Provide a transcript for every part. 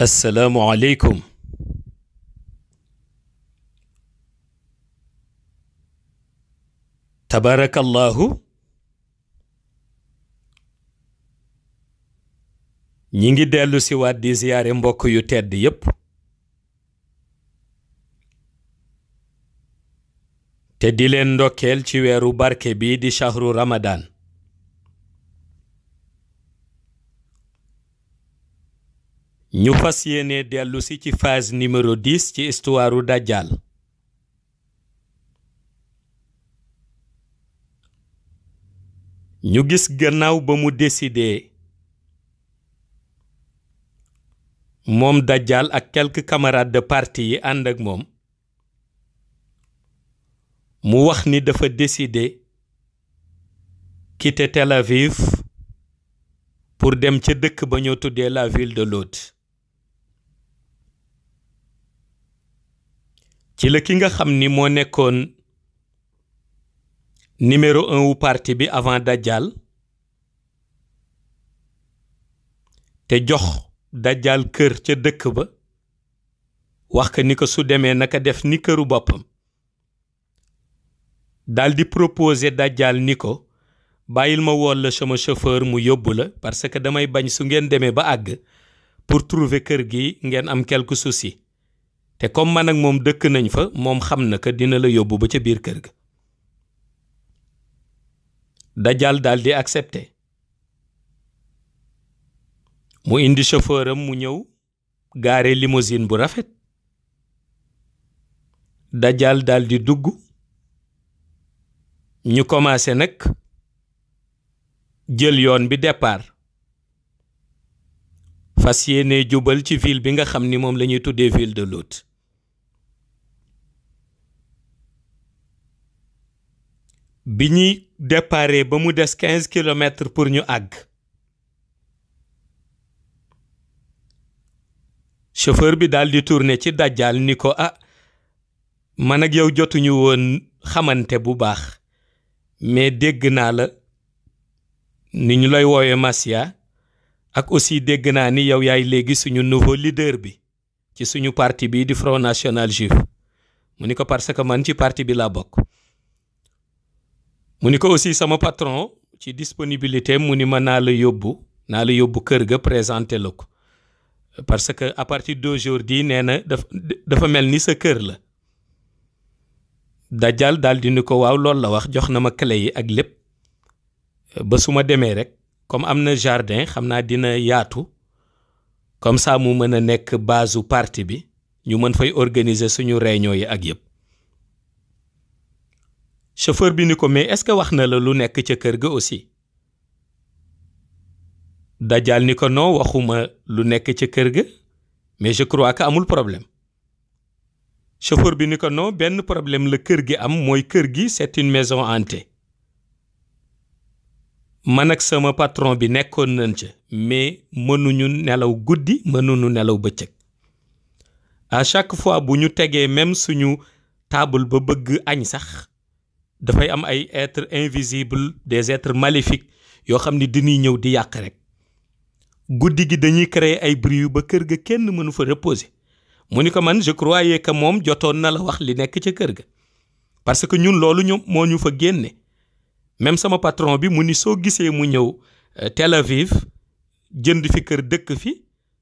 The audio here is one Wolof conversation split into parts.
asalaamualeykum tabarakallahu ñi ngi dellu waat di ziyaare mbokk yu tedd yépp te di leen ndokkeel ci weeru barke bii di shahru ramadaan ñu fas yéene dellusi ci phase numéro 10 ci istuwaaru dajjal ñu gis gannaaw ba mu décidé moom dajjal ak quelques camarades de parti yi ànd ak moom mu wax ni dafa décidé quitter Tel Aviv pour dem ca dëkk ba ñoo tuddee la ville de Lod ci la ki nga xam ni moo nekkoon numéro un wu parti bi avant Dajjal te jox Dajjal kër ca dëkk ba wax ka ni ko su demee naka def ni këru boppam daal di proposer Dajjal ni ko bàyyil ma wool sama chauffeur mu yóbbu la parce que damay bañ su ngeen demee ba àgg pour trouver kër gi ngeen am quelque souci te comme man ak moom dëkk nañ fa moom xam na que dina la yóbbu ba ca biir kër ga dajal daldi di accepté mu indi chauffeur mu ñëw gaare limousine bu rafet dajal daal di dugg ñu commencé nag jël yoon bi départ fas yéene jubal ci ville bi nga xam ni moom la ñuy tuddee ville de Lout bi ñuy déparé ba mu des quinze kilomètres pour ñu àgg chauffeur bi daal di tourné ci dajal ni ko ah man ak yow jotuñu woon xamante bu baax mais dégg naa la ni ñu lay woowe Masia ak aussi dégg naa ni yow yaay léegi suñu nouveau leader bi ci suñu parti bi di Front National Juif mu ni ko parce que man ci parti bi laa bokk mu ni ko aussi sama patron ci disponibilité mu ni ma naa la yóbbu naa la yóbbu kër ga présenté la ko parce que à partir d'aujourd'hui nee na dafa dafa mel ni sa kër la dajal daal di ni ko waaw loolu la wax jox na ma clé yi ak lépp ba su ma demee rek comme am na jardin xam naa dina yaatu comme ça mu mën a nekk base parti bi ñu mën fay organiser suñu réunion yi ak yëpp chauffeur bi ni ko mais est-ce que wax na la lu nekk ca kër ga aussi Dajjal ni ko non waxuma lu nekk ca kër ga mais je crois que amul problème chauffeur bi ni ko non benn problème la kër gi am mooy kër gi set une maison hantée man ak sama patron bi nekkoon nañ ca mais mënuñu nelaw guddi mënuñu nelaw bëccëg à chaque fois bu ñu tegee même suñu table ba bëgg añ sax dafay am ay êtres invisibles des êtres maléfiques yoo xam ni dinañ ñëw di yàq rek guddi gi dañuy créer ay bruit ba kër ga kenn mënu fa reposer mu ni ko man je croyais que moom jotoon na la wax li nekk ca kër ga parce que ñun loolu ñu moo ñu fa génne même sama patron bi mu ni soo gisee mu ñëw euh, Tel Aviv jënd fi kër dëkk fi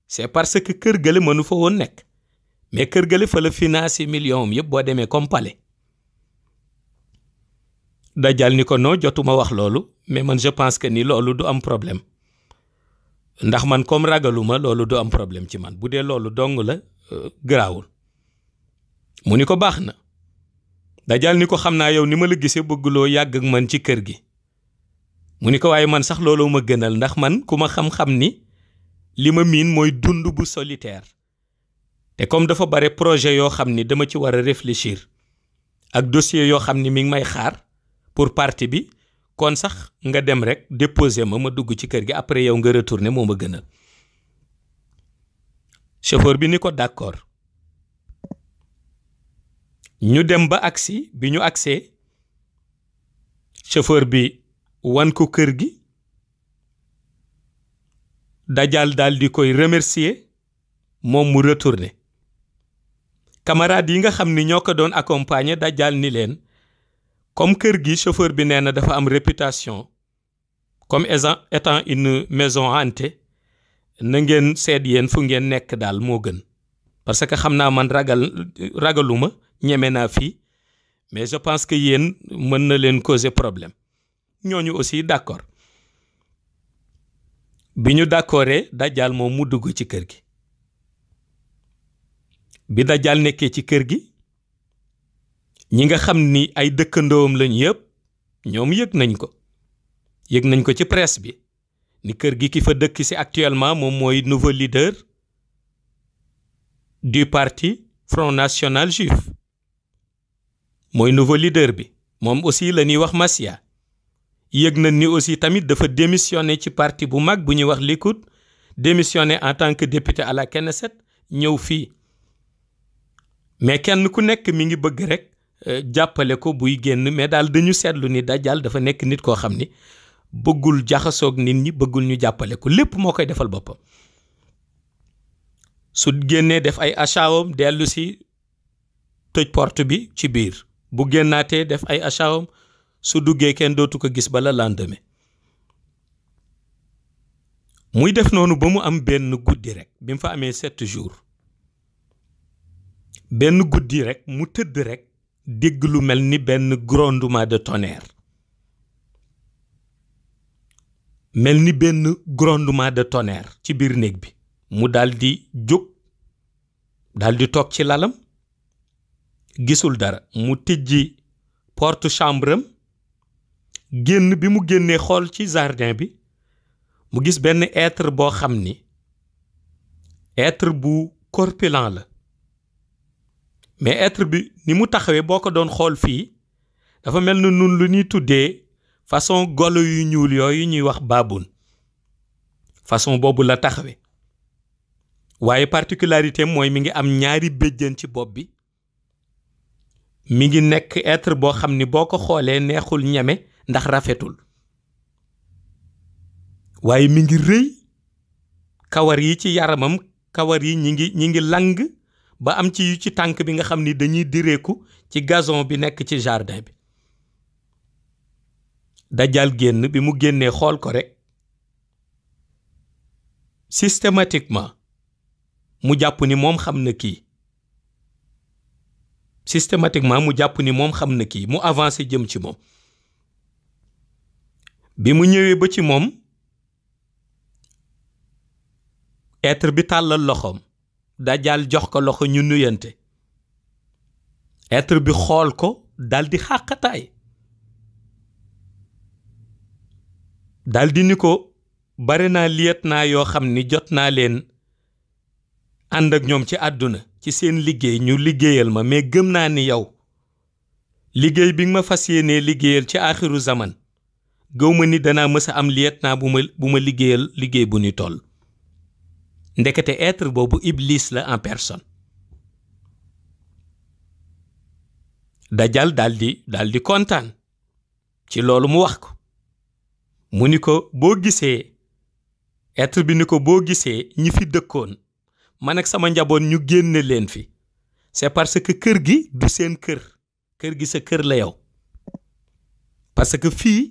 c'est parce que kër ga gale mënu fa woon nekk mais kër gale fa la financé million am yëpp boo demee comme dajal ni ko noo jotuma wax loolu mais man je pense que ni loolu du am problème ndax man comme ragaluma loolu du am problème ci man bu dee loolu dong la euh, garaawul mu ni ko baax na dajal ni ko xam naa yow ni ma la gisee bëgguloo yàgg ak man ci kër gi mu ni ko waaye man sax looloo ma gënal ndax man ku ma xam-xam ni li ma miin mooy dund bu solitaire te comme dafa bare projet yoo xam ni dama ci war a réfléchir ak dossier yoo xam ni mi ngi may xaar pour parti bi kon sax nga dem rek déposer ma ma dugg ci kër gi après yow nga retourner moo ma gënal chauffeur bi ni ko d'accord ñu dem ba agsi bi ñu agsee chauffeur bi wan ko kër gi dajal daal di koy remercier moom mu retourner camarade yi nga xam ni ñoo ko doon accompagner dajal ni leen comme kër gi chauffeur bi nee na dafa am réputation comme étant une maison hantée na ngeen seet yéen fu ngeen nekk daal moo gën parce que xam naa man ragal ragaluma ñeme naa fii mais je pense que yéen mën na leen causer problème ñoo ñu aussi d'accord bi ñu d'accordee dajjaal moom mu dugg ci kër gi bi dajjaal nekkee ci kër gi ñi nga xam ni ay dëkkandoom lañ yëpp ñoom yëg nañ ko yëg nañ ko ci press bi ni kër gi ki fa dëkk si actuellement moom mooy nouveau leader du parti Front National Juif mooy nouveau leader bi moom aussi la ñuy wax Masia yëg nañ ni aussi tamit dafa démissionné ci parti bu mag bu ñuy wax Likoud démissionné en tant que député à la Knesset ñëw fii mais kenn ku nekk mi ngi bëgg rek Euh, jàppale ko buy génn mais daal dañu seetlu ni dajal dafa nekk nit koo xam ni bëggul jaxasoog nit ñi bëggul ñu jàppale ko lépp moo koy defal boppam su génnee def ay achawam dellu si tëj port bi ci biir bu génnaatee def ay achawam su duggee kenn dootu ko gis ba bala lendemain muy def noonu ba mu am benn guddi rek bi mu fa amee sept jours benn guddi rek mu tëdd rek dégg lu mel ni benn grondement de tonnerre mel ni benn grondement de tonnerre ci biir néeg bi mu daldi jóg daldi toog ci lalam gisul dara mu tijji porte chambre génn bi mu génnee xool ci jardin bi mu gis benn être boo xam ni être bu corpulent la mais être bi ni mu taxawee boo ko doon xool fii dafa mel na nun lu ñuy tuddee façon golo yu ñuul yooyu ñuy wax baabun façon boobu la taxawee waaye particularité mooy mi ngi am ñaari béjjën ci bopp bi mi ngi nekk être boo xam ni boo ko xoolee neexul ñeme ndax rafetul waaye mi ngi rëy kawar yi ci yaramam kawar yi ñi ngi ñi ngi lang ba am ci yu ci tànk bi nga xam ni dañuy direeku ci gazon bi nekk ci jardin bi dajal génn bi mu génnee xool ko rek systématiquement mu jàpp ni moom xam na kii systématiquement mu jàpp ni moom xam na kii mu avancé jëm ci moom bi mu ñëwee ba ci moom etre bi tàllal loxoom dajal jox ko loxo ñu nuyante être bi xool ko daldi di xàqataay dal ni ko bare na liyet naa yoo xam ni jot naa leen ànd ak ñoom ci àdduna ci seen liggéey ñu liggéeyal ma mais gëm naa ni yow liggéey bi nga ma fas yéenee liggéeyal ci aaxiru zaman gëw ma ni danaa mës a am liyet naa ma bu ma liggéeyal liggéey bu ni toll ndekete être boobu ibliis la en personne dajal daal daldi daal kontaan ci loolu mu wax ko mu ni ko boo gisee être bi ni ko boo gisee ñi fi dëkkoon man ak sama njaboot ñu génne leen fi c'est parce que kër gi du seen kër kër gi sa kër la yow parce que fii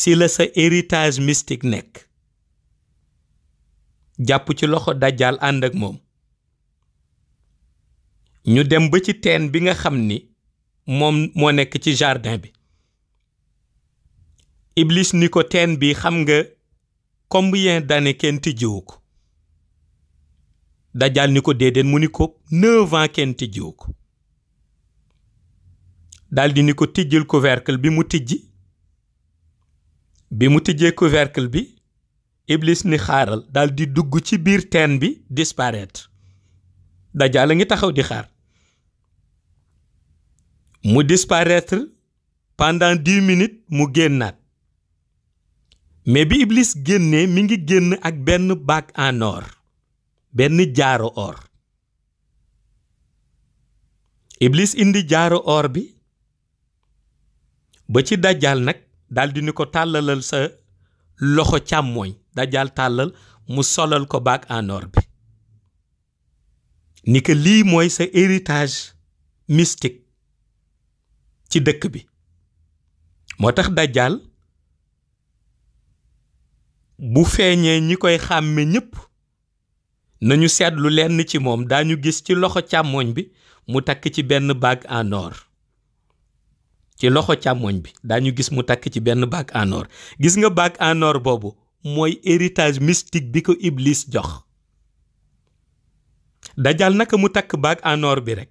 si la sa héritage mystique nekk jàpp ci loxo dajjaal ànd ak moom ñu dem ba ci teen bi nga xam ni moom moo nekk ci jardin bi iblis ni ko teen bi xam nga combien d'années kenn tijjiwu ko dajjaal ni ko déedéet mu ni ko neuf ans kenn tijjiwu ko daldi ni ko tijjil couvercle bi mu tijji bi mu tijjee couvercle bi iblis ni xaaral daldi dugg ci biir teen bi disparaître dajjal a ngi taxaw di xaar mu disparaître pendant dix minutes mu génnaat mais bi iblis génnee mi ngi génn ak benn bague en or benn jaaro or iblis indi jaaro or bi ba ci dajjal nag daldi ni ko tàllalal sa loxo càmmooñ dajal tàllal mu solal ko baag en or bi ni que lii mooy sa héritage mystique ci dëkk bi moo tax dajal bu feeñee ñi koy xàmme ñépp nañu seetlu lenn ci moom daañu gis ci loxo càmmoñ bi mu takk ci benn bague en ci loxo càmmoñ bi daañu gis mu takk ci benn bague en gis nga bague en or boobu mooy héritage mystique bi ko Iblis jox dajal naka mu takk baag en or bi rek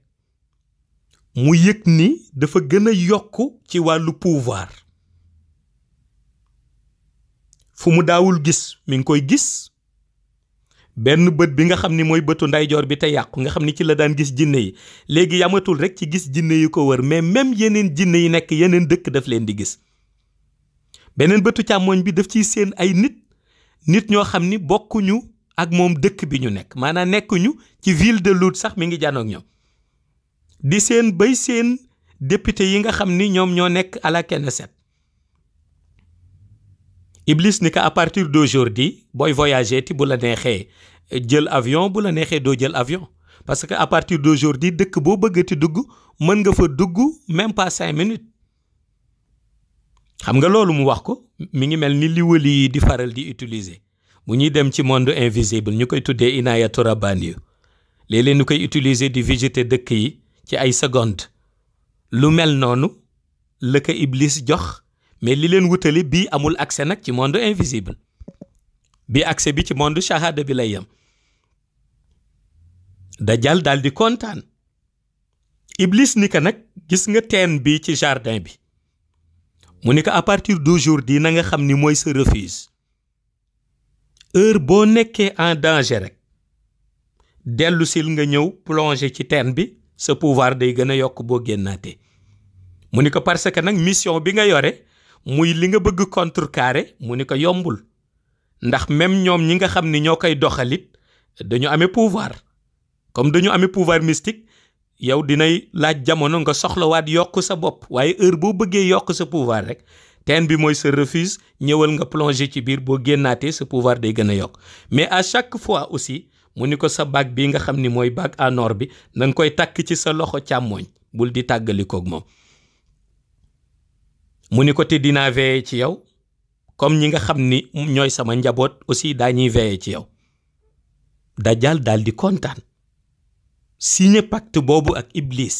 mu yëg ni dafa gën a yokk ci wàllu pouvoir fu mu daawul gis mu ngi koy gis benn bët bi nga xam ni mooy bëtu ndeyjoor bi te yàqu nga xam ni ci la daan gis jinne yi léegi yamatul rek ci gis jinne yi ko wër mais même yeneen jinne yi nekk yeneen dëkk daf leen di gis beneen bëtu càmmoñ bi daf ciy séen ay nit nit ñoo xam ni bokkuñu ak moom dëkk bi ñu nekk maanaam nekkuñu ci ville de Lout sax mi ngi janoog ñoom di seen bay seen député yi nga xam ni ñoom ñoo nekk à la Knesset Iblis ni ko à partir d'aujourd'hui booy voyager ti bu la neexee jël avion bu la neexee doo jël avion parce que à partir d'aujourd'hui dëkk boo bëggati dugg mën nga fa dugg même pas cinq minutes xam nga loolu mu wax ko mi ngi mel ni li wëli yi di faral di utiliser mu ñuy dem ci monde invisible ñu koy tuddee inaaya turabaan yu léeg-léeg ñu koy utiliser di visiter dëkk yi ci ay seconde lu mel noonu la ko Iblis jox mais li leen wutali bii amul accès nag ci monde invisible bi accès bi ci monde shahada bi lay yem dajal daal di kontaan Iblis ni ko nag gis nga teen bi ci jardin bi mu ne ko à partir d'aujourd'hui na nga xam ni mooy sa refuge heure boo nekkee en danger rek dellu li nga ñëw plonger ci teen bi sa pouvoir day gën a yokk boo génnaatee mu ni ko parce que nag mission bi nga yore muy li nga bëgg contre contrecarrer mu ni ko yombul ndax même ñoom ñi nga xam ni ñoo koy doxalit dañu amee pouvoir comme dañu amee pouvoir mystique yow dinay laaj jamono nga soxlawaat yokk sa bopp waaye heure boo bëggee yokk sa pouvoir rek teen bi mooy sa refuse ñëwal nga plonger ci biir boo génnaatee sa pouvoir day gën a yokk mais à chaque fois aussi mu ni ko sa bague bi nga xam ni mooy bague en nord bi na koy takk ci sa loxo càmmooñ bul di tàggalikoog moom mu ni ko te dinaa veiller ci yow comme ñi nga xam ni ñooy sama njaboot aussi daa daañuy veiller ci yow dajal daal di kontaan signe pacte boobu ak Iblis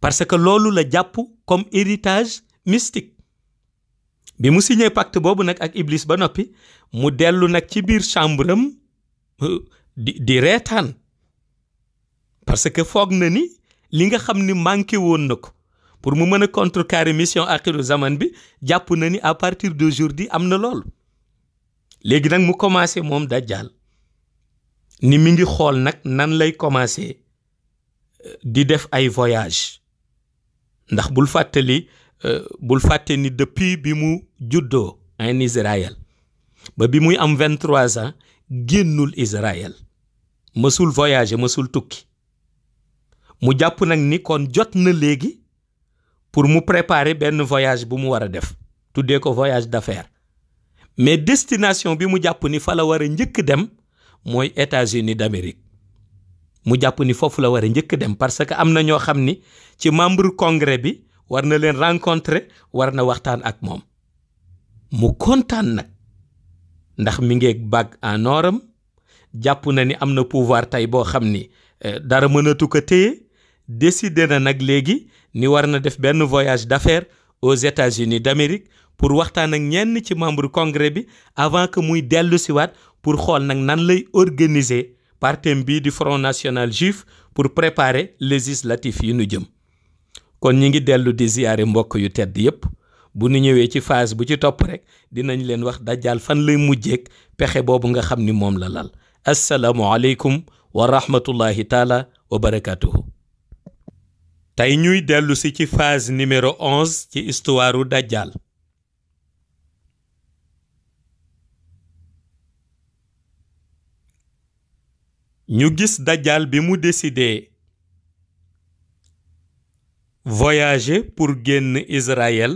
parce que loolu la jàpp comme héritage mystique bi mu signé pacte boobu nag ak Iblis ba noppi mu dellu nag ci biir chambre euh, di di reetaan parce que foog na ni li nga xam ni manqué woon na ko pour mu mën a contrecarrer mission axiru zaman bi jàpp na ni à partir de di am na loolu léegi nag mu commencé moom dajjal ni mi ngi xool nag nan lay commencer euh, di def ay voyage ndax bul fàttali euh, bul fàtte ni depuis bi mu juddoo en Israël ba bi muy am vingt trois ans génnul Israël mësul voyage mësul tukki mu jàpp nag ni kon jot na léegi pour mu préparer benn voyage bu mu war a def tuddee ko voyage d'affaires mais destination bi mu jàpp ni fa la war a njëkk dem mooy États-Unis d'Amérique mu jàpp ni foofu la war a njëkk dem parce que am na ñoo xam ni ci membre congrès bi war na leen rencontrer war na waxtaan ak moom mu kontaan nag ndax mi ngeeg bague en oram jàpp na ni am na pouvoir tey boo xam ni eh, dara mënatu ko téye décidé na nag léegi ni war na def benn voyage d'affaires aux États-Unis d'Amérique pour waxtaan ak ñenn ci membre congrès bi avant que muy dellu siwaat pour xool nag nan lay organiser partem bii di Front National Juif pour préparer législatif yi nu jëm kon ñi ngi dellu di ziyaare mbokk yu tedd yépp bu nu ñëwee ci phase bu ci topp rek dinañ leen wax dajjal fan lay mujjeek pexe boobu nga xam ni moom la lal asalaamualeykum wa rahmatullahi taala wa barakatuhu tey ñuy dellusi ci phase numéro 11 ci histoireu dajjal ñu gis dajal bi mu décidé voyager pour génn Israël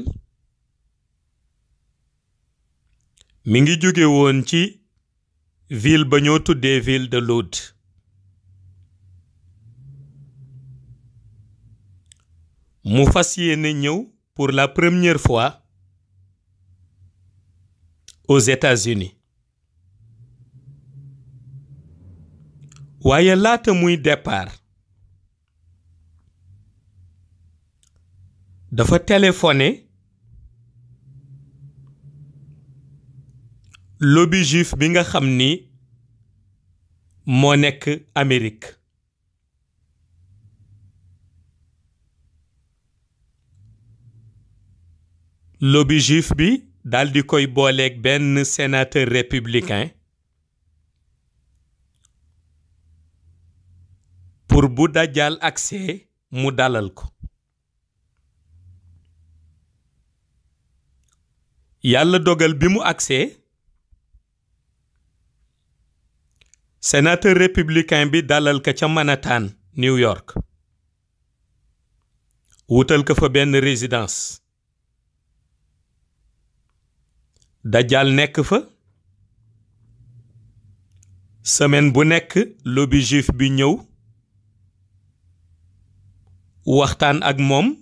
mi ngi jóge woon ci ville ba ñoo tuddee ville de Lod mu fas yéene ñëw pour la première fois aux États-Unis waaye laata muy départ dafa téléphoné lobby juif bi nga xam ni moo nekk Amérique lobby juif bi daal di koy booleek benn sénateur républicain pour bu dajjaal agsee mu dalal ko yàlla dogal bi mu agsee sénateur républicain bi dalal ko ca Manhattan New York wutal ko fa benn résidence dajal nekk fa semaine bu nekk lobby juif bi ñëw waxtaan ak moom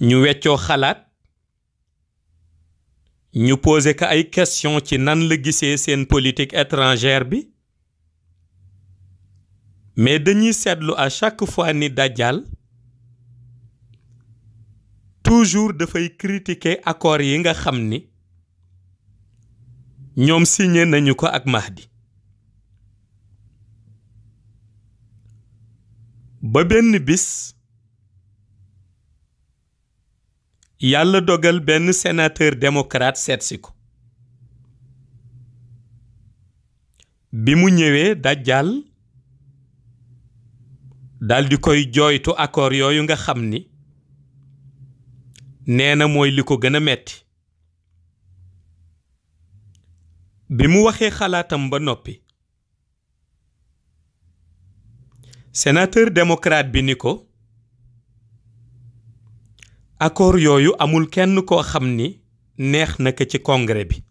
ñu weccoo xalaat ñu posé ko ay question ci nan la gisee seen politique étrangère bi mais dañuy seetlu à chaque fois ni Dajjal toujours dafay critiquer accords yi nga xam ni ñoom signé nañu ko ak Mahdi ba benn bis yàlla dogal benn sénateur démocrate seetsi ko bi mu ñëwee dajjal dal koy jooytu akoor yooyu nga xam ni nee na mooy li ko gën a metti bi mu waxee xalaatam ba noppi sénateur démocrate bi ni ko accord yooyu amul kenn koo xam ni neex na ko ci congrès bi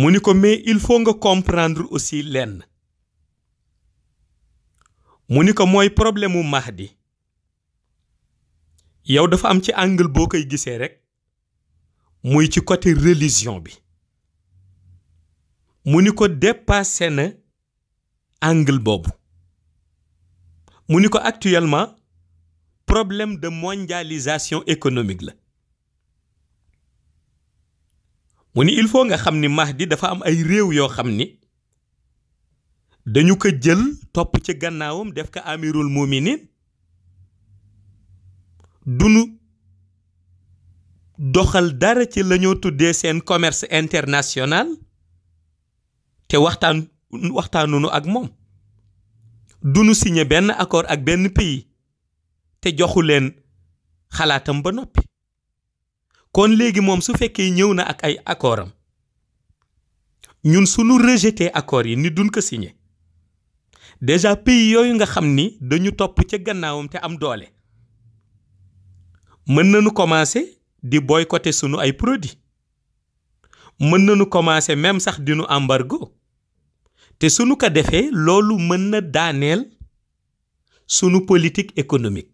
mu ni ko mais il faut nga comprendre aussi lenn mu ni ko mooy problème mu di yow dafa am ci angle boo koy gisee rek muy ci côté religion bi mu ni ko dépassé na angle boobu mu ni ko actuellement problème de mondialisation économique la mu ni il faut nga xam ni Mahdi dafa am ay réew yoo xam ni dañu ko jël topp ci gannaawam def ko amirul du duñu doxal dara ci la ñoo tuddee seen commerce international te waxtaan waxtaanunu ak moom dunu signe benn accord ak benn pays te joxu leen xalaatam ba noppi kon léegi moom su fekkee ñëw na ak ay accord am ñun sunu rejeté accord yi ni duñ ko signe déjà pays yooyu nga xam ni dañu topp ca gannaawam te am doole mën nañu commencé di booy boycotter sunu ay produits mën nañu commencé même sax dinu embargo te sunu ko defee loolu mën na daaneel sunu politique économique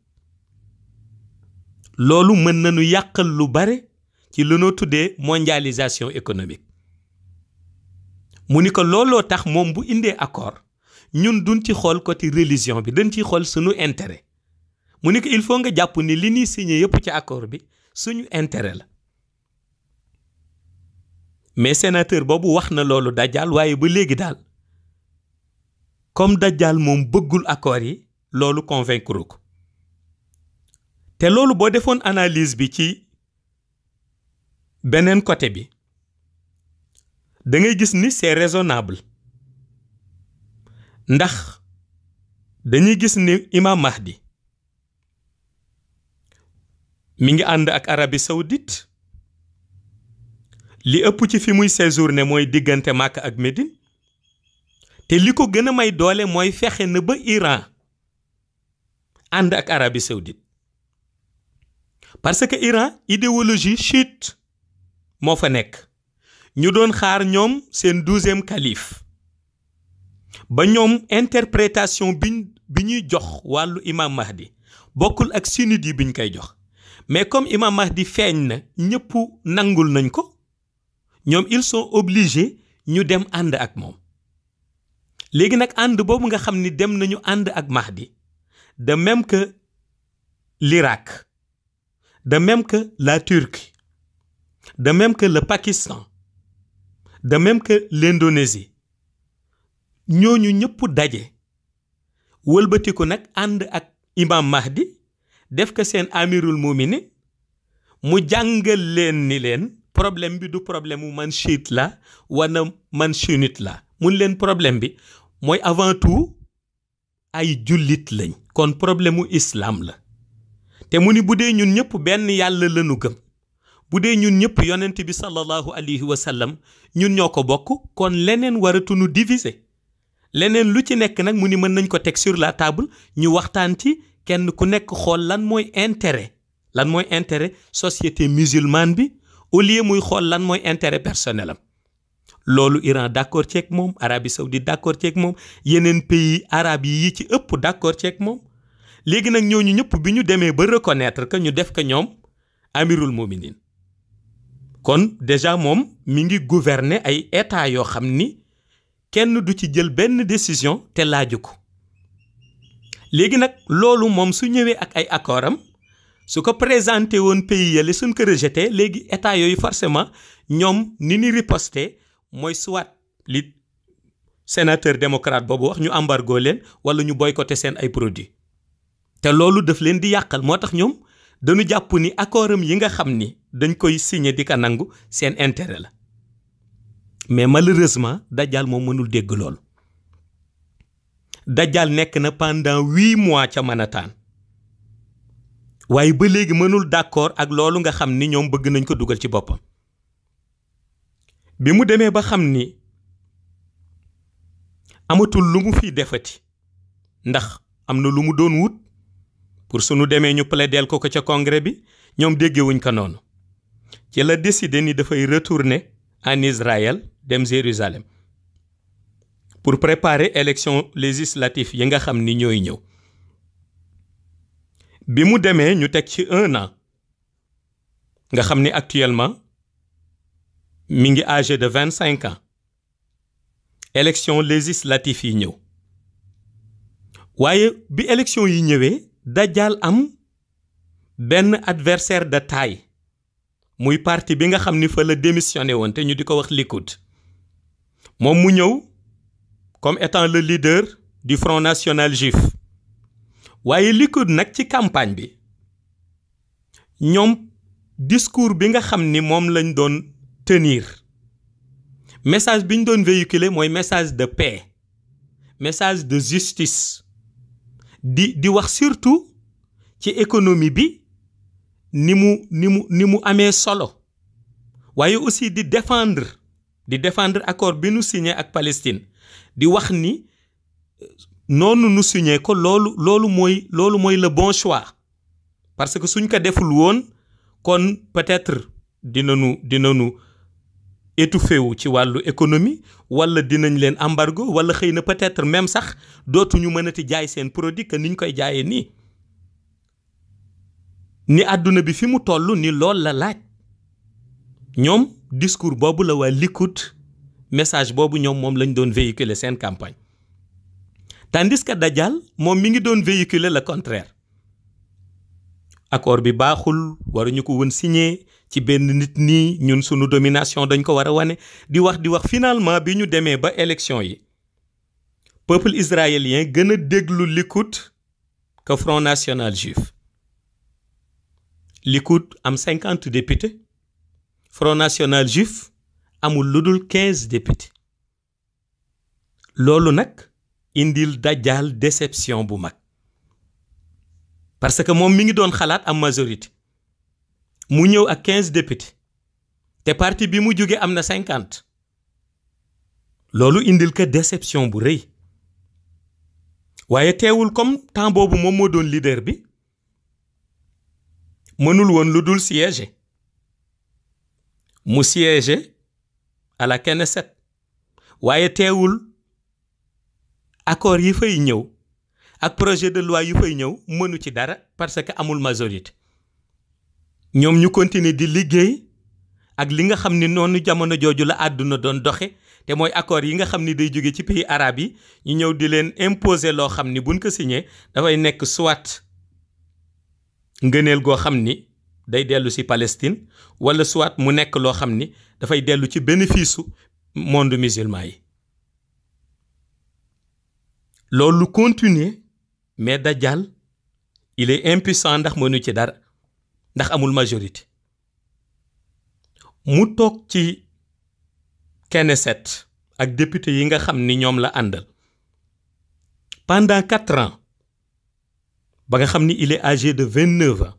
loolu mën nañu yàqal lu bare ci lu noo tuddee mondialisation économique mu ni ko looloo tax moom bu indee accord ñun duñ ci xool côté religion bi dañ ciy xool sunu intérêt mu ni ko il faut nga jàpp ni li ñuy signé yëpp ci accord bi suñu intérêt la mais sénateur boobu wax na loolu dajaal waaye ba léegi daal comme dajjal moom bëggul accords yi loolu convaincre ko te loolu boo defoon analyse bi ci beneen côté bi da ngay gis ni c'est raisonnable ndax dañuy gis ni imam Mahdi mi ngi ànd ak arabi Saoudite li ëpp ci fi muy séjourné mooy diggante Màkka ak Médine te li ko gën a may doole mooy fexe na ba Iran ànd ak Arabie Saoudite parce que Iran idéologie chiite moo fa nekk ñu doon xaar ñoom seen douzième kalif ba ñoom interprétation biñ bi ñuy jox wàllu imam Mahdi bokkul ak sunnite yi bi ñu koy jox mais comme imam Mahdi feeñ na ñëpp nangul nañ ko ñoom il sont obligés ñu dem ànd ak moom léegi nag ànd boobu nga xam ni dem nañu ànd ak Mahdi de même que l'Irak de même que la Turquie de même que le Pakistan de même que l'Indonésie ñooñu ñëpp daje wëlbatiku nag ànd ak imam Mahdi def ko seen amirul mumini mu jàngal leen ni leen problème bi du problème mu man chiite la wala man sunnite la mun leen problème bi mooy avant tout ay jullit lañ kon problème mu islaam la te mu ni bu dee ñun ñëpp benn yàlla lanu gëm bu dee ñun ñëpp yonent bi sallallahu alayhi wa sallam ñun ñoo ko bokk kon leneen waratunu diviser leneen lu ci nekk nag mu ni mën nañ ko teg sur la table ñu waxtaan ci kenn ku nekk xool lan mooy intérêt lan mooy intérêt société musulmane bi au lieu muy xool lan mooy intérêt personnel am loolu Iran d'accord ceeg moom Arabie saoudite d'accord ceeg moom yeneen pays arab yi ci ëpp d'accord ceeg moom léegi nag ñooñu ñëpp bi ñu demee ba reconnaître que ñu def ko ñoom amirul muminin kon déjà moom mi ngi gouverner ay état yoo xam ni kenn du ci jël benn décision te laaju ko léegi nag loolu moom su ñëwee ak ay accord am su ko présenté woon pays yële suñ ko rejeté léegi état yooyu forcément ñoom ni ni riposté mooy soit li sénateur démocrate boobu wax ñu embargo leen wala ñu boycotté seen ay produits te loolu daf leen di yàqal moo tax ñoom dañu jàpp ni accordam yi nga xam ni dañ koy signé di ko nangu seen intérêt la mais malheureusement Dajjal moom mënul dégg loolu Dajjal nekk na pendant huit mois ca Manhattan waaye ba léegi mënul d'accord ak loolu nga xam ni ñoom bëgg nañ ko dugal ci boppam bi mu demee ba xam ni amatul lu mu fiy defati ndax am na lu mu doon wut pour sunu demee ñu del ko ko ca congrès bi ñoom déggewuñ ko noonu ci la décidé ni dafay retourner en Israël dem Jérusalem pour préparer élection législative yi nga xam ni ñooy ñëw bi mu demee ñu teg ci un an nga xam ni actuellement mi ngi âgé de vingt cinq ans élection législative yi ñëw waaye bi élection yi ñëwee Dajjal am benn adversaire de taille muy parti bi nga xam ni fa la démissionné woon te ñu di ko wax Likoud moom mu ñëw comme étant le leader di Front National Juif waaye Likoud nag ci campagne bi ñoom discours bi nga xam ni moom lañ doon tenir message bi ñu doon véhiculer mooy message de paix message de justice di di wax surtout ci économie bi ni mu ni mu ni mu amee solo waaye aussi di défendre di défendre accord bi nu signé ak Palestine di wax ni euh, noonu nu signé ko loolu loolu mooy loolu mooy le bon choix parce que suñ ko deful woon kon peut-être dina nu dina nu étouffé wu ci wàllu économie wala dinañ leen embargo wala xëy na peut-être même sax dootuñu mënati jaay seen produit que ni ñu koy jaayee nii ni àdduna bi fi mu toll ni lool la laaj ñoom discours boobu la waa Likoud message boobu ñoom moom lañ doon véhiculer seen campagne tandis dajal moom mi ngi doon véhiculer la contraire accord bi baaxul waruñu ko woon signé ci benn nit nii ñun sunu domination dañ ko war a wane di wax di wax finalement bi ñu demee ba élection yi peuple israélien gën a déglu Likoud que Front National Juif Likoud am cinquante députés Front National Juif amul lu dul quinze députés loolu nag indil dajaal déception bu mag parce que moom mi ngi doon xalaat am majorité mu ñëw ak quinze députés te parti bi mu jóge am na cinquante loolu indil ko déception bu rëy waaye teewul comme temps boobu moom moo doon leader bi mënul woon lu dul siéger mu siéger à la Knesset waaye teewul accord yi fay ñëw ak projet de loi yi fay ñëw mënu ci dara parce que amul majorité ñoom ñu continuer di liggéey ak li nga xam ni noonu jamono jooju la àdduna doon doxe te mooy accord yi nga xam ni day jóge ci pays araab yi ñu ñëw di leen imposer loo xam ni buñ ko signé dafay nekk soit ngëneel goo xam ni day dellu ci Palestine wala soit mu nekk loo xam ni dafay dellu ci bénéfice su monde musulman yi loolu continuer mais Dajjal il est impuissant ndax mënu ci dara ndax amul majorité mu toog ci Knesset ak député yi nga xam ni ñoom la àndal pendant quatre ans ba nga xam ni il est âgé de vingt neuf ans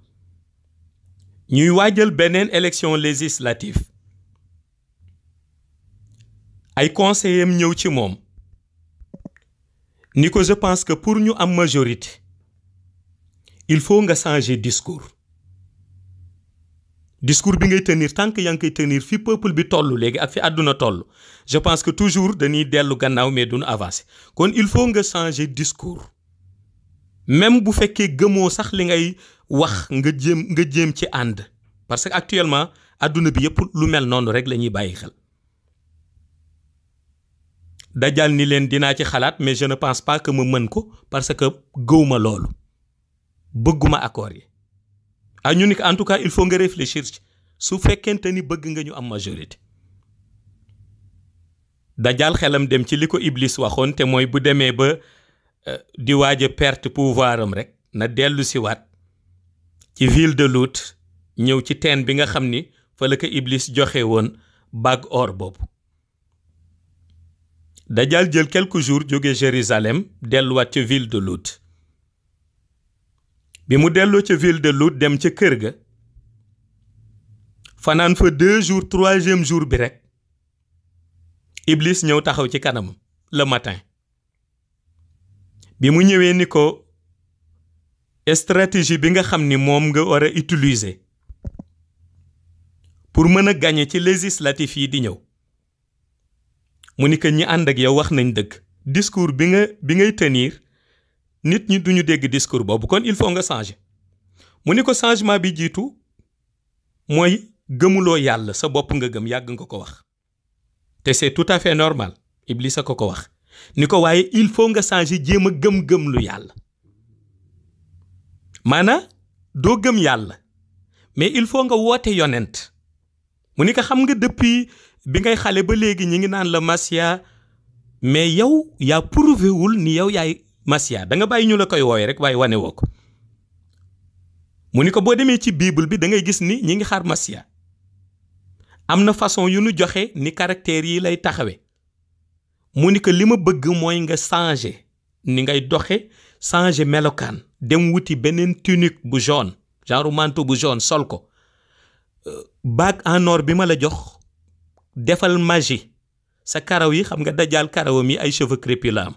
ñuy waajal beneen élection législative ay conseillers am ñëw ci moom ni ko je pense que pour ñu am majorité il faut nga changer discours discours bi ngay tenir tant que yaa ngi koy tenir fi peuple bi toll léegi ak fi àdduna toll je pense que toujours dañuy dellu gannaaw mais duñu avancer kon il faut nga changer discours même bu fekkee gëmoo sax li ngay wax nga jëm nga jëm ci ànd parce que actuellement àdduna bi yëpp lu mel noonu rek la ñuy bàyyi xel. dajal ni leen dinaa ci xalaat mais je ne pense pas que ma mën ko parce que gëwuma loolu bëgguma accord yi. ah ñu ni en tout cas il faut nga réfléchir ci su fekkente ni bëgg nga ñu am majorité dajal xelam dem ci li ko Iblis waxoon te mooy bu demee ba euh, di waaj a perte pouvoir am rek na dellu waat ci ville de Lut ñëw ci teen bi nga xam ni fa la ko Iblis joxe woon bague or bopp dajal jël quelques jours jóge Jérusalem delluwaat ci ville de loute bi mu delloo ca ville de Lut dem ca kër ga fanaan fa deux jours troisième jour bi rekk Iblis ñëw taxaw ci kanamam le matin bi mu ñëwee ni ko stratégie bi nga xam ni moom nga war a utiliser pour mën a gagner ci législatif yi di ñëw mu ni que ñi ànd ak yow wax nañ dëkk discours bi nga bi ngay tenir nit ñi duñu dégg discours boobu kon il faut nga changer mu ni ko changement bi jiitu mooy gëmuloo yàlla sa bopp nga gëm yàgg nga ko wax te c'est tout à fait normal Iblis a ko ko wax ni ko waaye il faut nga changer jéem a gëm-gëm lu yàlla maanaa doo gëm yàlla mais il faut nga woote yonent mu ni ko xam nga depuis bi ngay xale ba léegi ñi ngi naan la Masia mais yow yaa prouvé wul ni yow yaay Masia da nga bàyyi ñu la koy wooye rek waaye wane woo ko mu ni ko boo demee ci bible bi da ngay gis ni ñi ngi xaar Masia am na façon yu nu joxe ni caractère yi lay taxawe mu ni ko li ma bëgg mooy nga changer ni ngay doxe changer melokaan dem wuti beneen tunique bu jaune genre manteau bu jaune sol ko euh, bague en or bi ma la jox defal magie sa karaw yi xam nga dajaal karawam yi ay cheveux crépus la am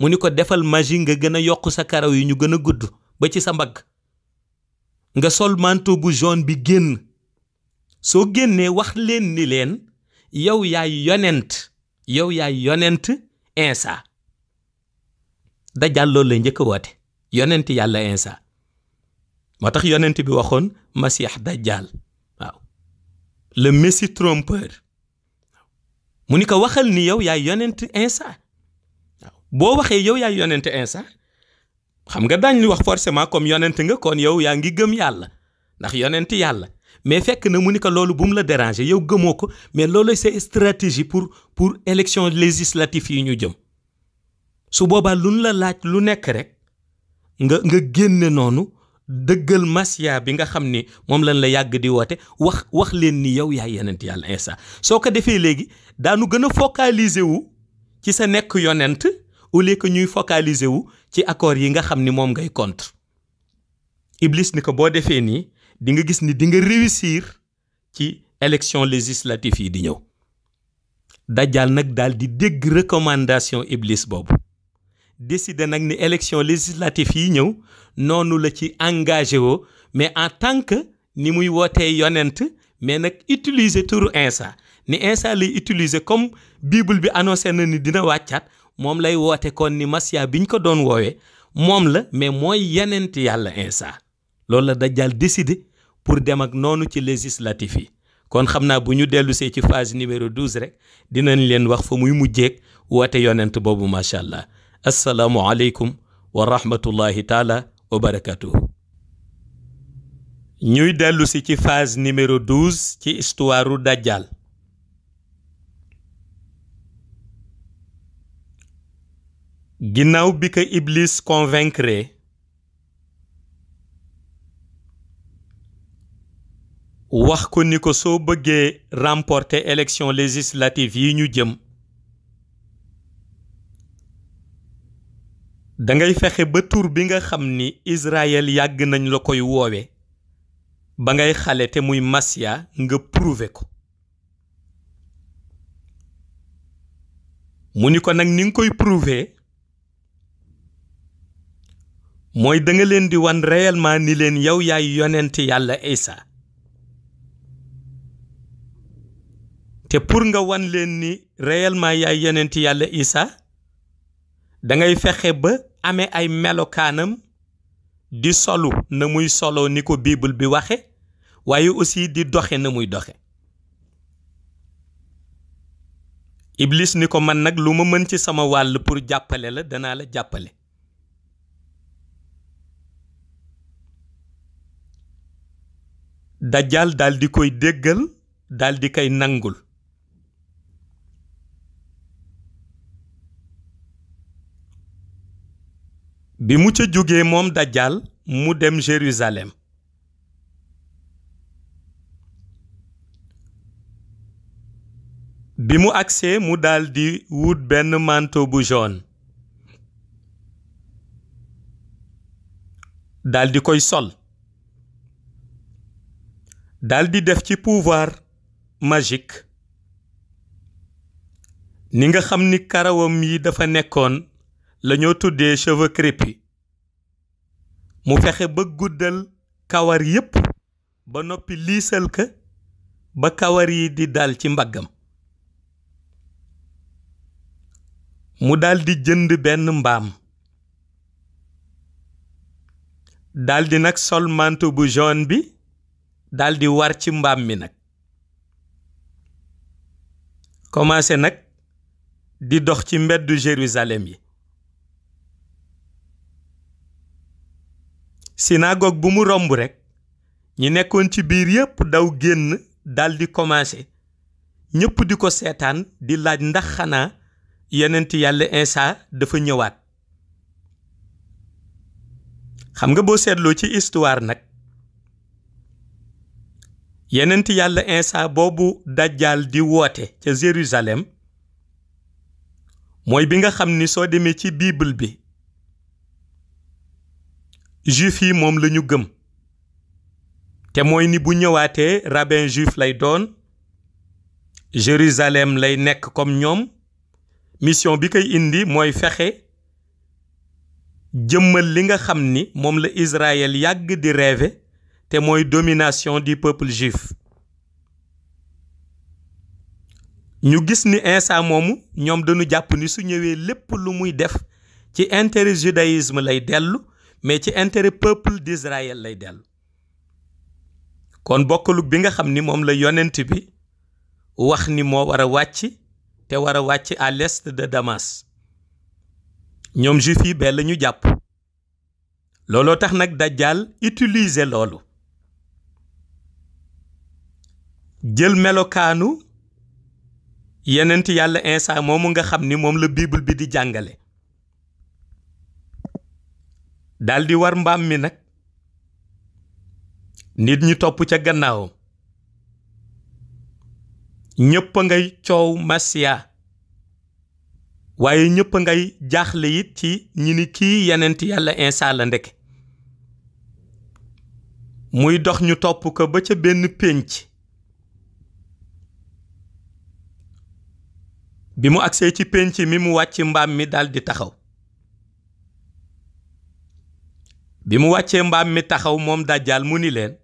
mu ni ko defal magie nga gën a yokk sa karaw yi ñu gën a gudd ba ci sa mbag nga sol manteau bu jaune bi génn soo génnee wax leen ni leen yow yaay yonent yow yaay yonent insa dajjal loolu lay njëkk woote yonent yàlla insa moo tax yonent bi waxoon masiix dajjal waaw le messie trompeur mu ni ko waxal ni yow yaay yonent insa boo waxee yow yaay yonente instant xam nga daañ li wax forcément comme yonente nga koon yow yaa ngi gëm yàlla ndax yonente yàlla mais fekk na mu ni ko loolu bu mu la déranger yow gëmoo ko mais loolu c'est stratégie pour pour élection législative yi ñu jëm su boobaa lu ñu la laaj lu nekk rek nga nga génne noonu dëggal masiya bi nga xam ni moom lañ la yàgg di woote wax wax leen ni yow yaay yonent yàlla Insa soo ko defee léegi daanu gën a focaliser wu ci sa nekk yonent au lieu que ñuy focaliser wu ci accords yi nga xam ni moom ngay contre Iblis ni ko boo defee nii di nga gis ni di nga réussir ci élection législative yi di ñëw dajal nag daal di dégg recommandation Iblis boobu décider nag ni élection législative yi ñëw noonu la ci engagé woo mais en tant que ni muy wootee yonent mais nag utiliser turu Insa ni Insa lay utiliser comme bible bi annoncé na ni dina wàccaat moom lay woote kon ni masiya biñ ko doon woowee moom la mais mooy yenent yàlla insa loolu la dajjal décider pour dem ak noonu ci législatif yi kon xam naa bu ñu dellusee ci phase numéro 12 rek dinañ leen wax fa muy mujjeeg woote yonent boobu macha allah asalaamualeykum wa rahmatullahi taala wa barakatuhu ñuy dellusi ci phase numéro 12 ci histoire u ginnaaw bi ko Iblis convaincre wax ko ni ko soo bëggee remporter élection législative yi ñu jëm dangay fexe ba tur bi nga xam ni Israël yàgg nañu la koy woowe ba ngay xale te muy Masia nga prouver ko mu ni ko nag ni koy prouver mooy da nga leen di wan réellement ni leen yow yaay yonent yàlla Isa te pour nga wan leen ni réellement yaay yonent yàlla Isa da ngay fexe ba amee ay melokaanam di solu na muy solo ni ko bible bi waxe waaye aussi di doxe na muy doxe Iblis ni ko man nag lu ma mën ci sama wàll pour jàppale la danaa la jàppale dajal daldi koy déggal daldi koy nangul bi mu ca jógee moom dajal mu dem Jérusalem bi mu agsee mu daldi wut benn manteau bu jaune daldi koy sol daldi def ci pouvoir magique ni nga xam ni karawam yi dafa nekkoon lañoo tuddee cheveux crépus mu fexe ba guddal kawar yépp ba noppi liisal ka ba kawar yi di dal ci mbaggam mu daldi jënd benn mbaam daldi nag sol manteau bu jaune bi daldi war ci mbaam mi nag commencé nag di dox ci mbeddu Jérusalem yi synagogue bu mu romb rekk ñi nekkoon ci biir yépp daw génn daldi commencé ñépp di ko seetaan di laaj ndax xanaa yonent yàlla Insa dafa ñëwaat xam nga boo seetloo ci histoire nag yenent yàlla instant boobu dajjaal di woote ca Jérusalem mooy bi nga xam ni soo demee ci bible bi juif yi moom lañu gëm te mooy ni bu ñëwaatee rabbin juif lay doon Jérusalem lay nekk comme ñoom mission bi koy indi mooy fexe jëmmal li nga xam ni moom la Israël yàgg di rêve te mooy domination du peuple juif ñu gis ni Insa moomu ñoom dañu jàpp ni su ñëwee lépp lu muy def ci intérêt judaïsme lay dellu mais ci intérêt peuple d'Israël lay dellu kon bokkalug bi nga xam ni moom la yonent bi wax ni moo war a wàcc te war a wàcc à l'est de Damas ñoom juif yi bee la ñu jàpp looloo tax nag dajjal utiliser loolu jël melokaanu yenent yàlla Iisaa moomu nga xam ni moom la bible bi di jàngale daldi war mbaam mi nag nit ñu topp ca gannaawam ñépp a ngay coow masiya waaye ñépp ngay jaaxle it ci ñi ni kii yenent yàlla Iisaa la ndeke muy dox ñu topp ko ba ca benn pénc bi mu agsee ci pénc mi mu wàcc mbaam mi daldi taxaw bi mu wàccee mbaam mi taxaw moom dajjaal mu ni leen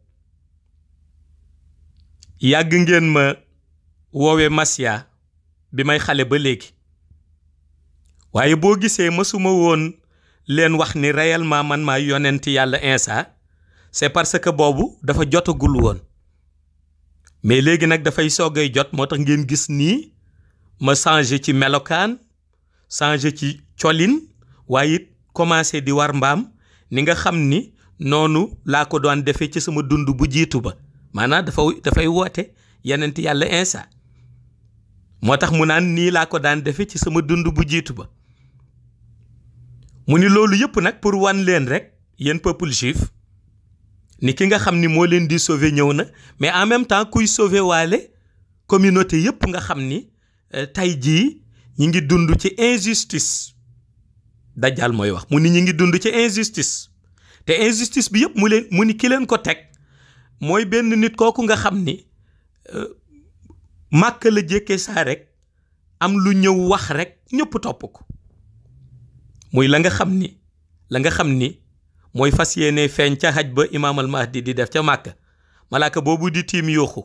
yàgg ngeen ma woowe masiya bi may xale ba léegi waaye boo gisee mësuma woon leen wax ni réellement man maa yonent yàlla insa c'est parce que boobu dafa jotagul woon mais léegi nag dafay soogay jot moo tax ngeen gis nii ma changé ci melokaan changé ci colin waaye it commencé di war mbaam ni nga xam ni noonu laa ko doon defee ci sama dund bu jiitu ba maanaam dafa dafay woote yenent yàlla insa moo tax mu naan nii laa ko daan defee ci sama dund bu jiitu ba mu ni loolu yëpp nag pour wan leen rek yéen peuple juif ni ki nga xam ni moo leen di sauver ñëw na mais en même temps kuy sauver waale communauté yëpp nga xam ni Euh, tey jii ñi ngi dund ci injustice dajjal mooy wax mu ni ñi ngi dund ci injustice te injustice bi yëpp mu leen mu ni ki leen ko teg mooy benn nit kooku nga xam ni euh, màkk la jékkee saa rek am lu ñëw wax rek ñépp topp ko muy la nga xam ni la nga xam ni mooy fas yéene feeñ ca xaj ba imaamal mahdi di def ca màkk malaaka boobu di tiim yooxu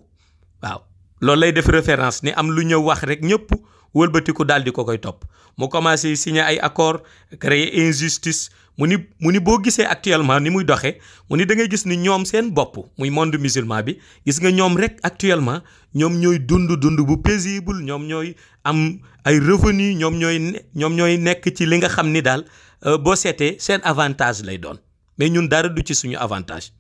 waaw loolu lay def référence ni am lu ñëw wax rek ñëpp wëlbatiku daal di ko koy topp mu commencé signé ay accord créer injustice mu ni mu ni boo gisee actuellement ni muy doxee mu ni da ngay gis ni ñoom seen bopp muy monde musulman bi gis nga ñoom rek actuellement ñoom ñooy dund dund bu paisible ñoom ñooy am ay revenu ñoom ñooy ñoom ñooy nekk ci li nga xam ni daal euh, boo seetee seen avantage lay doon mais ñun dara du ci suñu avantage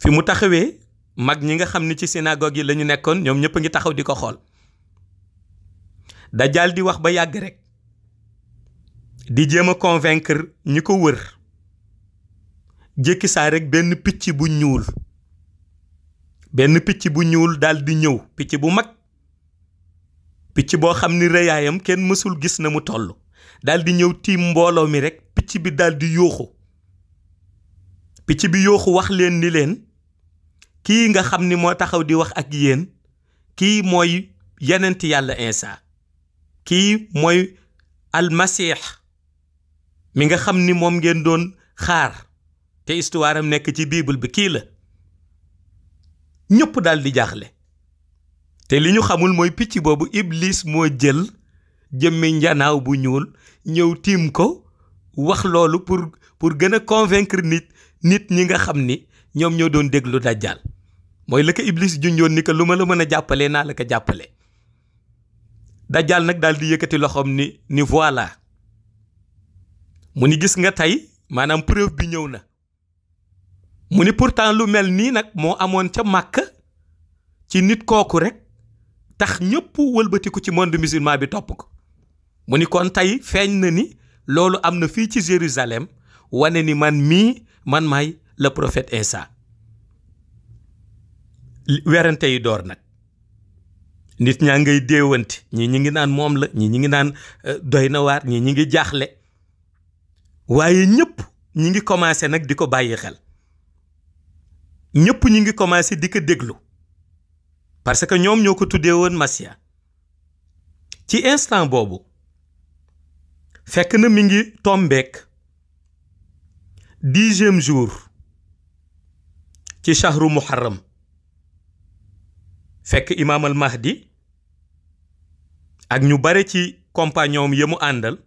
fi mu taxawee mag ñi nga xam ni ci synagogue yi lañu nekkoon ñoom ñëpp a ngi taxaw di ko xool Dajjal di wax ba yàgg rek di jéem a convaincre ñi ko wër jékki saa rek benn picc bu ñuul benn picc bu ñuul daldi ñëw picc bu mag picc boo xam ni rëyaayam kenn mësul gis na mu toll daal di ñëw tiim mbooloo mi rekk picc bi daldi yuuxu picc bi yuuxu wax leen ni leen kii nga xam ni moo taxaw di wax ak yéen kii mooy yenenti yàlla Iisaa kii mooy almasiix mi nga xam ni moom ngeen doon xaar te histoire nekk ci bible bi kii la ñëpp daal di jaaxle te li ñu xamul mooy picc boobu ibliis moo jël jëmmi njanaaw bu ñuul ñëw tiim ko wax loolu pour pour gën a convaincre nit nit ñi nga xam ni ñoom ñoo doon déglu dajjal mooy la ko Iblis junjoon ni ko lu ma la mën a jàppalee naa la ko jàppale dajjal nag daal di yëkkati loxoom ni ni voilà mu ni gis nga tey maanaam preuve bi ñëw na mu ni pourtant lu mel nii nag moo amoon ca màkk ci nit kooku rek tax ñëpp wëlbatiku ci monde musulman bi topp ko mu ni kon tey feeñ na ni loolu am na fii ci Jérusalem wane ni man mii man maay le profet Isa werante yi door nag nit ñaa ngay déewante ñii ñi ngi naan moom la ñii ñi ngi naan eh, doy na waar ñii ñi ngi jaaxle waaye ñëpp ñi ngi commencé nag di ko bàyyi xel ñëpp ñi ngi commencé di ko déglu parce que ñoom ñoo ko tuddee woon Masia ci instant boobu fekk na mi ngi tombeek dixième jour ci shahru muharram fekk imaamal mahdi ak ñu bare ci compagnon ya mu àndal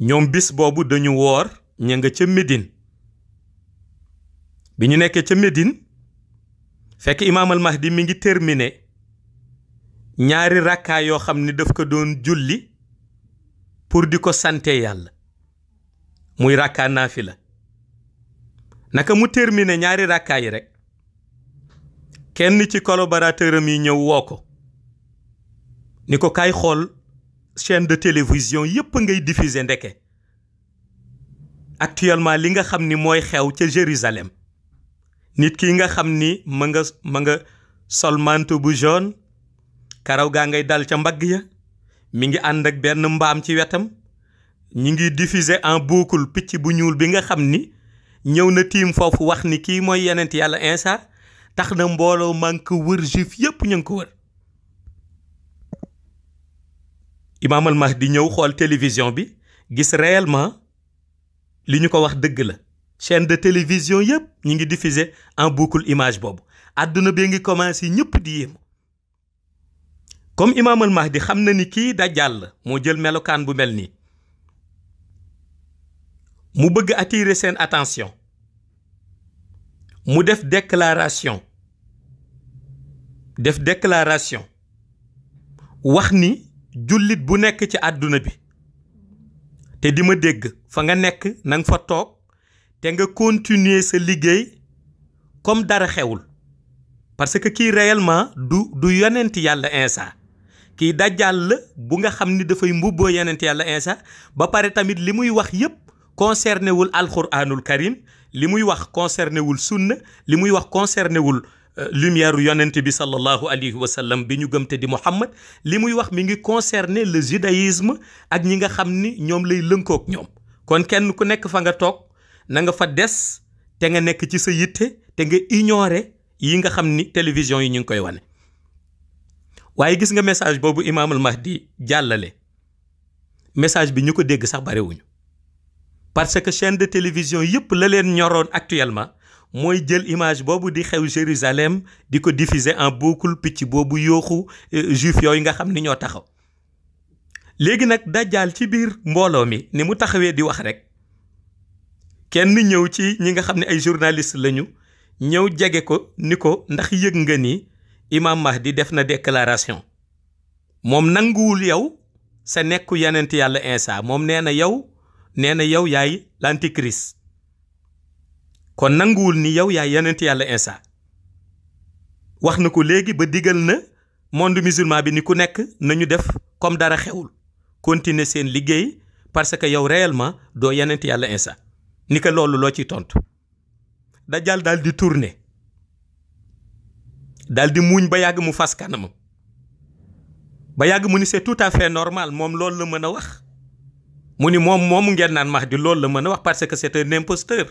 ñoom bis boobu dañu woor ña nga ca Médine bi ñu nekkee ca Médine fekk imaamal mahdi mi ngi terminé ñaari rakkaa yoo xam ni daf ko doon julli pour di ko sante yàlla muy rakkaa la naka mu terminé ñaari ràkkaay yi rek kenn ci collaborateur am yi ñëw woo ko ni ko kay xool chaîne de télévision yépp ngay diffuser ndeke actuellement li nga xam ni mooy xew ca Jérusalem nit ki nga xam ni ma nga ma nga sol manteau bu jaune karaw gaa ngay dal ca mbagg ya mi ngi ànd ak benn mbaam ci wetam ñi ngi diffuser en boucle picc bu ñuul bi nga xam ni ñëw na tiim foofu wax ni kii mooy yenent yàlla Insa tax na mbooloo manque wër juif yépp ñu ngi ko wër imaamal mahdi ñëw xool télévision bi gis réellement li ñu ko wax dëgg la chaine de télévision yépp ñu ngi diffuser en boucle image boobu àdduna bee ngi commencé ñëpp di yéemu comme imaamal mahdi xam na ni kii dajaal la moo jël melokaan bu mel nii mu bëgg attirer seen attention mu def déclaration def déclaration wax ni jullit bu nekk ci àdduna bi te di ma dégg fa nga nekk na nga fa toog te nga continuer sa liggéey comme dara xewul parce que kii réellement du du yonent yàlla instant kii dajjal la bu nga xam ni dafay mbubboo yonent yàlla insa ba pare tamit li muy wax yépp concerné wul alxuraanul karim li muy wax concerné wul sunna li muy wax concerné wul lumière yonent bi sallallahu alayhi wa sallam bi ñu gëm te di Muhammad li muy wax mi ngi concerner le judaïsme ak ñi nga xam ni ñoom lay lënkook ñoom kon kenn ku nekk fa nga toog na nga fa des te nga nekk ci sa yitte te nga ignorer yi nga xam ni télévision yi ñu ngi koy wane. waaye gis nga message boobu imaamul mahdi jàllale message bi ñu ko dégg sax barewuñu parce que chaîne de télévision yëpp la leen ñoroon actuellement mooy jël image boobu di xew Jérusalem di ko diffuser en boucle picc boobu yooxu euh, juif yooyu nga xam ni ñoo taxaw léegi nag dajjaal ci biir mbooloo mi ni mu taxawee di wax rek kenn ñëw ci ñi nga xam ne ay journaliste lañu ñëw jege ko ni ko ndax yëg nga ni imaam di def na déclaration moom nanguwul yow sa nekku yonent yàlla instant moom nee na yow nee na yow yaay l'antichrist kon nanguwul ni yow yaay yonent yàlla Isa wax na ko léegi ba digal na monde musulman bi ni ku nekk nañu def comme dara xewul continuer seen liggéey parce que yow réellement doo yonent yàlla Isa ni ko loolu loo ciy tontu dajal daal di tourner daal di muuñ ba yàgg mu fas kanamam ba yàgg mu ni c'est tout à fait normal moom loolu la mën a wax mu ni moom moomu ngeen naan max di loolu la mën wax parce que c'est un imposteur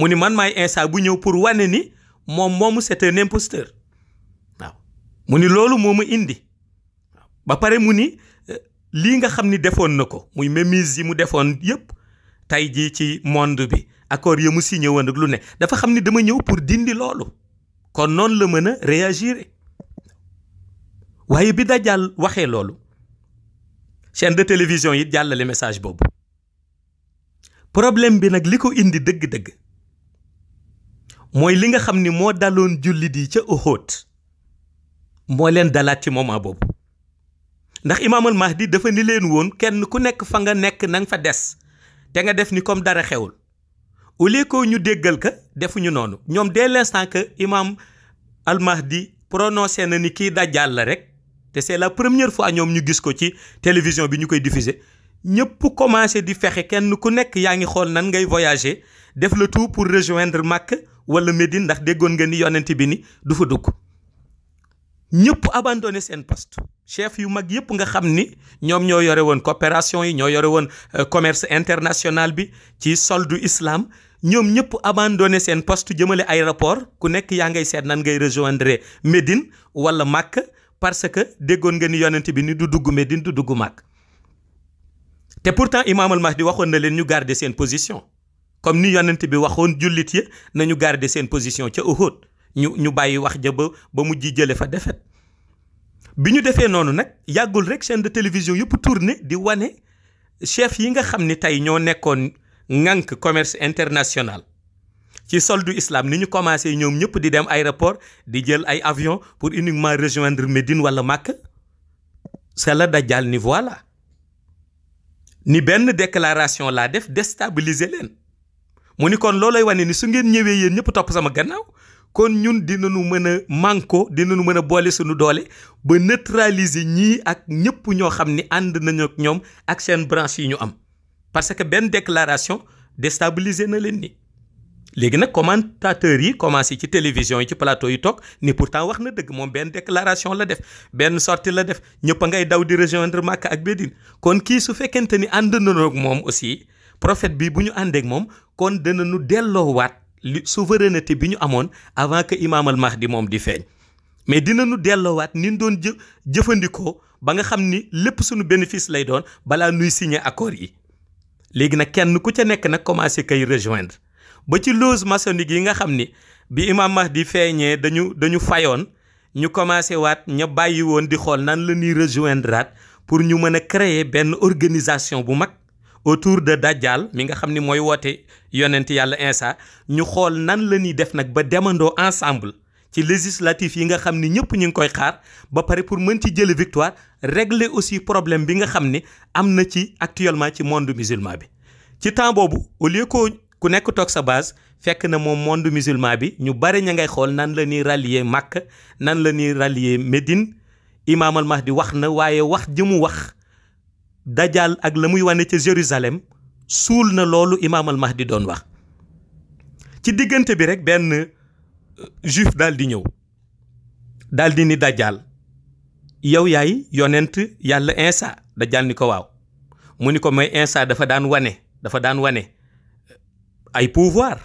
mu ni man maay instant bu ñëw pour wane ni moom moomu c'est un posteur waaw mu ni loolu moo ma indi ba pare mu ni euh, lii nga xam ni defoon na ko muy mémise yi mu defoon yépp tey jii ci monde bi accord yi mu signé woon ak lu ne dafa xam ni dama ñëw pour dindi loolu kon noonu la mën a réagir waaye bi Dajjal waxee loolu chaîne de télévision yi jàllale message boobu problème bi nag li ko indi dëgg-dëgg mooy li nga xam ni moo daloon jullit yi ca Uhud moo leen dalaat ci moment boobu ndax imaamal Mahdi dafa ni leen woon kenn ku nekk fa nga nekk na nga fa des te nga def ni comme dara xewul au lieu que ñu déggal ka defuñu noonu ñoom dès l'instant que imaam al Mahdi prononcé na ni kii dajjal la rek te c'est la première fois ñoom ñu gis ko ci télévision bi ñu koy diffuser ñëpp commencé di fexe kenn ku nekk yaa ngi xool nan ngay voyager def le tout pour rejoindre Makka wala Médine ndax déggoon nga ni yonent bi ni du fa dugg ñëpp abandonné seen poste chef yu mag yëpp nga xam ni ñoom ñoo yore woon coopération yi ñoo yore woon euh, commerce international bi ci soldu islam ñoom ñëpp abandonné seen poste jëmale aéroport ku nekk yaa ngay seet nan ngay rejoindre Médine wala Makka parce que déggoon nga ni yonent bi ni du dugg Médine du dugg Makka te pourtant Imam al Mahdi waxoon na leen ñu garder seen position comme ni yonent bi waxoon jullit ya nañu garder seen position ca Uhud ñu ñu bàyyi wax ja ba ba mujj jële fa defet bi ñu defee noonu nag yàggul rek chaîne de télévision yëpp tourné di wane chef yi nga xam ni tey ñoo nekkoon ŋànk commerce international ci soldu islam ni ñu commencé ñoom ñëpp di dem aéroport di jël ay avion pour uniquement rejoindre Médine wala Makka c'est la Dajjal ni voilà ni benn déclaration laa def déstabiliser leen mu ni kon loolay wane ni su ngeen ñëwee yéen ñëpp topp sama gannaaw kon ñun dinañu mën a manko dinañu mën a boole suñu doole ba neutraliser ñii ak ñëpp ñoo xam ni ànd nañu ak ñoom ak seen branche yi ñu am parce que benn déclaration déstabiliser na leen ni léegi nag commentateurs yi commencé ci télévision yi ci plateau yi toog ni pourtant wax na dëgg moom benn déclaration la def benn sortie la def ñëpp ngay daw di rejoindre Makka ak Médine kon kii su fekkente ni ànd nañu moom aussi prophète bi bu ñu àndeek moom kon dana nu delloowaat li souveraineté bi ñu amoon avant que imaam al mahdi moom di feeñ mais dina ñu delloowaat ni ñu doon jë jëfandikoo ba nga xam ni lépp suñu bénéfice lay doon balaa nuy signe accord yi léegi nag kenn ku ca nekk nag commencé kay rejoindre ba ci loge maçonnique yi nga xam ni bi imaam mahdi feeñee dañu dañu fayoon ñu commencé waat ña bàyyi woon di xool nan la ñuy rejoindre pour ñu mën a créer benn organisation bu mag autour de Dajjal mi nga xam ni mooy woote yonent yàlla Insa ñu xool nan la ñuy def nag ba demandoo ensemble ci législatif yi nga xam ni ñëpp ñu ngi koy xaar ba pare pour mën ci jële victoire réglé aussi problème bi nga xam ni am na ci actuellement ci monde musulman bi ci temps boobu au lieu que ku nekk toog sa base fekk na moom monde musulman bi ñu bari ña ngay xool nan la ñuy rallier Makka nan la ñuy rallier Médine Imaamal Mahdi wax na waaye wax jëmu wax dajal ak la muy wane ca Jérusalem suul na loolu imaamal di doon wax ci diggante bi rek benn euh, juif daal di ñëw daldi ni dajaal yow yaay yonent yàlla insa dajal ni ko waaw mu ni ko mooy insa dafa daan wane dafa daan wane euh, ay pouvoir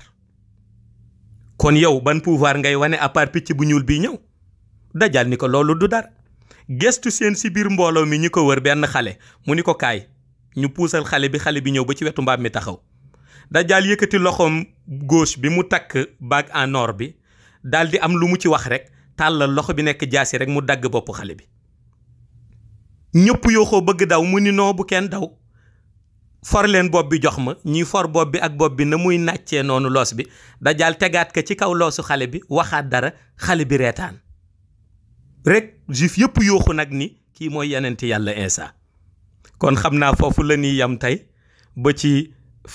kon yow ban pouvoir ngay wane à part picc bu ñuul bii ñëw dajal ni ko loolu du dara gestu seen si biir mbooloo mi ñi ko wër benn xale mu ni ko kaay ñu puusal xale bi xale bi ñëw ba ci wetu mbaam mi taxaw dajaal yëkkati loxoom gauche bi mu takk bague en or bi daal di am lu mu ci wax rek tàllal loxo bi nekk jaasi rek mu dagg boppu xale bi ñëpp yooxoo bëgg daw mu ni noo bu kenn daw for leen bopp bi jox ma ñuy for bopp bi ak bopp bi na muy nàccee noonu loos bi dajaal tegaat ka ci kaw loosu xale bi waxaat dara xale bi reetaan rek juif yëpp yuuxu nag ni kii mooy yenenti yàlla instant kon xam naa foofu la ñuy yam tey ba ci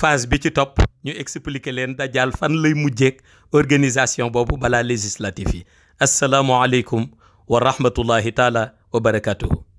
phase bi ci topp ñu expliquer leen dajaal fan lay mujjeek organisation boobu balaa législatif yi asalaamualeykum wa rahmatullahi taala wa barakatuhu